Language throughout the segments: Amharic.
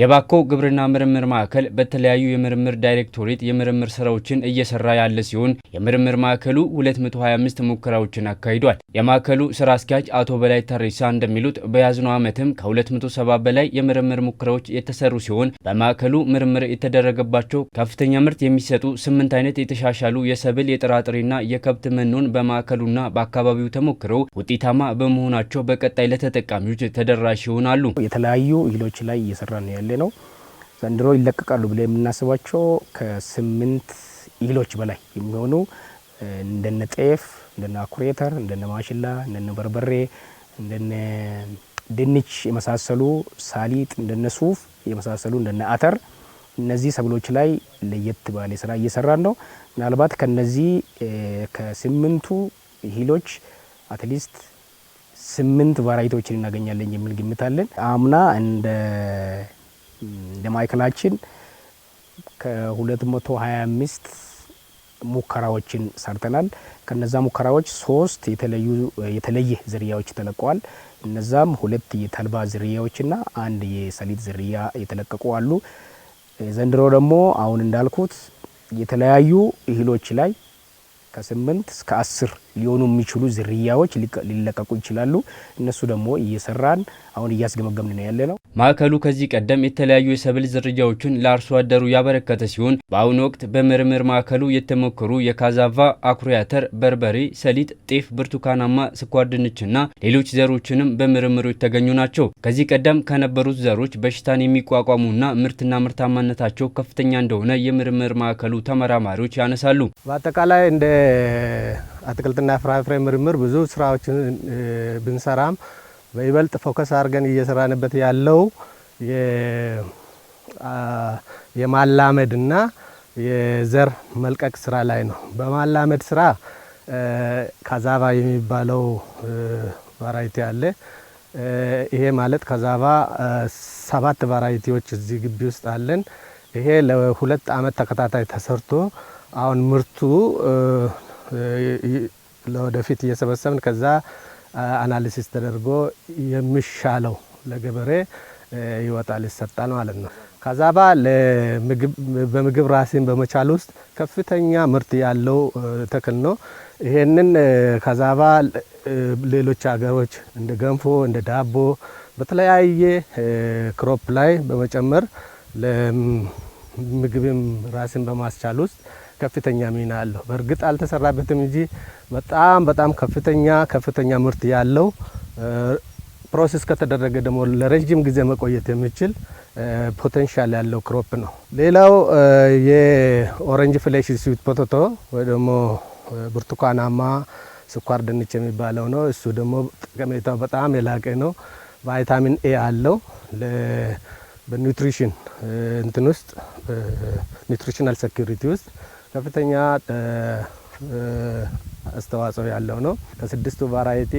የባኮ ግብርና ምርምር ማዕከል በተለያዩ የምርምር ዳይሬክቶሬት የምርምር ስራዎችን እየሰራ ያለ ሲሆን የምርምር ማዕከሉ 225 ሙከራዎችን አካሂዷል። የማዕከሉ ስራ አስኪያጅ አቶ በላይ ተሬሳ እንደሚሉት በያዝነው ዓመትም ከ270 በላይ የምርምር ሙከራዎች የተሰሩ ሲሆን በማዕከሉ ምርምር የተደረገባቸው ከፍተኛ ምርት የሚሰጡ ስምንት አይነት የተሻሻሉ የሰብል የጥራጥሬና የከብት መኖን በማዕከሉና በአካባቢው ተሞክረው ውጤታማ በመሆናቸው በቀጣይ ለተጠቃሚዎች ተደራሽ ይሆናሉ። የተለያዩ እህሎች ላይ እየሰራ ነው ያለ ነው። ዘንድሮ ይለቀቃሉ ብለ የምናስባቸው ከስምንት እህሎች በላይ የሚሆኑ እንደነ ጤፍ፣ እንደነ አኩሬተር፣ እንደነ ማሽላ፣ እንደነ በርበሬ፣ እንደነ ድንች የመሳሰሉ ሳሊጥ፣ እንደነ ሱፍ የመሳሰሉ እንደነ አተር እነዚህ ሰብሎች ላይ ለየት ባለ ስራ እየሰራን ነው። ምናልባት ከነዚህ ከስምንቱ እህሎች አትሊስት ስምንት ቫራይቲዎችን እናገኛለን የሚል ግምት አለን። አምና እንደ ለማዕከላችን ከ225 ሙከራዎችን ሰርተናል። ከነዛ ሙከራዎች ሶስት የተለየ ዝርያዎች ተለቀዋል። እነዛም ሁለት የተልባ ዝርያዎችና አንድ የሰሊጥ ዝርያ የተለቀቁ አሉ። ዘንድሮ ደግሞ አሁን እንዳልኩት የተለያዩ እህሎች ላይ ከስምንት እስከ አስር ሊሆኑ የሚችሉ ዝርያዎች ሊለቀቁ ይችላሉ። እነሱ ደግሞ እየሰራን አሁን እያስገመገምን ነው ያለ ነው። ማዕከሉ ከዚህ ቀደም የተለያዩ የሰብል ዝርያዎችን ለአርሶ አደሩ ያበረከተ ሲሆን በአሁኑ ወቅት በምርምር ማዕከሉ የተሞከሩ የካዛቫ፣ አኩሪ አተር፣ በርበሬ፣ ሰሊጥ፣ ጤፍ፣ ብርቱካናማ፣ ስኳር ድንችና ሌሎች ዘሮችንም በምርምሩ የተገኙ ናቸው። ከዚህ ቀደም ከነበሩት ዘሮች በሽታን የሚቋቋሙና ምርትና ምርታማነታቸው ከፍተኛ እንደሆነ የምርምር ማዕከሉ ተመራማሪዎች ያነሳሉ። በአጠቃላይ እንደ በአትክልትና ፍራፍሬ ምርምር ብዙ ስራዎችን ብንሰራም በይበልጥ ፎከስ አድርገን እየሰራንበት ያለው የማላመድና የዘር መልቀቅ ስራ ላይ ነው። በማላመድ ስራ ካዛቫ የሚባለው ቫራይቲ አለ። ይሄ ማለት ካዛቫ ሰባት ቫራይቲዎች እዚህ ግቢ ውስጥ አለን። ይሄ ለሁለት አመት ተከታታይ ተሰርቶ አሁን ምርቱ ለወደፊት እየሰበሰብን ከዛ አናሊሲስ ተደርጎ የሚሻለው ለገበሬ ይወጣል ይሰጣል ማለት ነው። ካዛባ በምግብ ራስን በመቻል ውስጥ ከፍተኛ ምርት ያለው ተክል ነው። ይሄንን ካዛባ ሌሎች ሀገሮች እንደ ገንፎ፣ እንደ ዳቦ በተለያየ ክሮፕ ላይ በመጨመር ለምግብም ራስን በማስቻል ውስጥ ከፍተኛ ሚና አለው። በእርግጥ አልተሰራበትም እንጂ በጣም በጣም ከፍተኛ ከፍተኛ ምርት ያለው ፕሮሰስ ከተደረገ ደግሞ ለረጅም ጊዜ መቆየት የሚችል ፖቴንሻል ያለው ክሮፕ ነው። ሌላው የኦረንጅ ፍሌሽ ስዊት ፖቶቶ ወይ ደግሞ ብርቱካናማ ስኳር ድንች የሚባለው ነው። እሱ ደግሞ ጠቀሜታው በጣም የላቀ ነው። ቫይታሚን ኤ አለው በኒትሪሽን እንትን ውስጥ ኒውትሪሽናል ሴኩሪቲ ውስጥ ከፍተኛ አስተዋጽኦ ያለው ነው። ከስድስቱ ቫራይቲ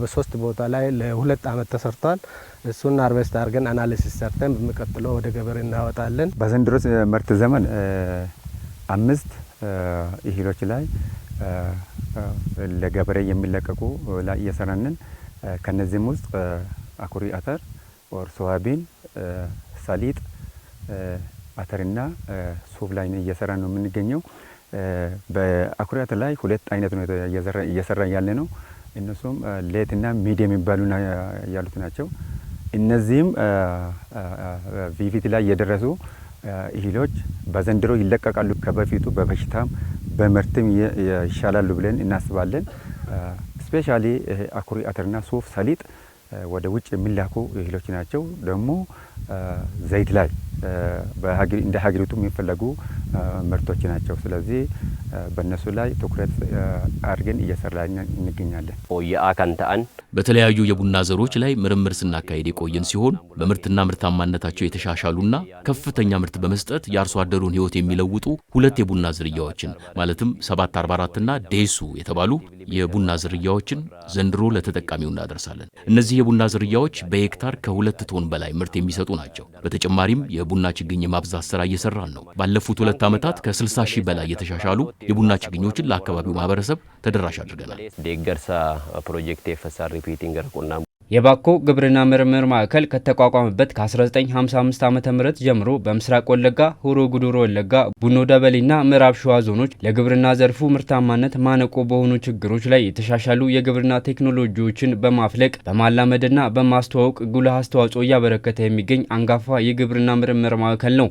በሶስት ቦታ ላይ ለሁለት አመት ተሰርቷል። እሱን አርቨስት አድርገን አናሊሲስ ሰርተን በሚቀጥለው ወደ ገበሬ እናወጣለን። በዘንድሮ ምርት ዘመን አምስት እህሎች ላይ ለገበሬ የሚለቀቁ ላይ እየሰራንን ከነዚህም ውስጥ አኩሪ አተር፣ ሶያቢን፣ ሰሊጥ አተርና ሱፍ ላይ እየሰራ ነው የምንገኘው። በአኩሪ አተር ላይ ሁለት አይነት ነው እየሰራ ያለ ነው። እነሱም ሌትና ሚድ የሚባሉ ያሉት ናቸው። እነዚህም ቪቪት ላይ የደረሱ እህሎች በዘንድሮ ይለቀቃሉ። ከበፊቱ በበሽታም በምርትም ይሻላሉ ብለን እናስባለን። ስፔሻሊ አኩሪ አተርና ሱፍ ሰሊጥ ወደ ውጭ የሚላኩ እህሎች ናቸው። ደግሞ ዘይት ላይ እንደ ሀገሪቱ የሚፈለጉ ምርቶች ናቸው። ስለዚህ በእነሱ ላይ ትኩረት አድርገን እየሰራ እንገኛለን። ከንተአን በተለያዩ የቡና ዘሮች ላይ ምርምር ስናካሄድ የቆየን ሲሆን በምርትና ምርታማነታቸው የተሻሻሉና ከፍተኛ ምርት በመስጠት የአርሶ አደሩን ሕይወት የሚለውጡ ሁለት የቡና ዝርያዎችን ማለትም 744 ና ዴሱ የተባሉ የቡና ዝርያዎችን ዘንድሮ ለተጠቃሚው እናደርሳለን። እነዚህ የቡና ዝርያዎች በሄክታር ከሁለት ቶን በላይ ምርት የሚሰጡ ናቸው። በተጨማሪም የቡና ችግኝ የማብዛት ስራ እየሰራን ነው። ባለፉት ሁለት ዓመታት ከ60 ሺህ በላይ የተሻሻሉ የቡና ችግኞችን ለአካባቢው ማህበረሰብ ተደራሽ አድርገናል። ደገርሳ ፕሮጀክት ፈሳር ሪፒቲንግ ቁና የባኮ ግብርና ምርምር ማዕከል ከተቋቋመበት ከ1955 ዓ ም ጀምሮ በምስራቅ ወለጋ፣ ሆሮ ጉዱሩ ወለጋ፣ ቡኖ ደበሌና ምዕራብ ሸዋ ዞኖች ለግብርና ዘርፉ ምርታማነት ማነቆ በሆኑ ችግሮች ላይ የተሻሻሉ የግብርና ቴክኖሎጂዎችን በማፍለቅ በማላመድና በማስተዋወቅ ጉልህ አስተዋጽኦ እያበረከተ የሚገኝ አንጋፋ የግብርና ምርምር ማዕከል ነው።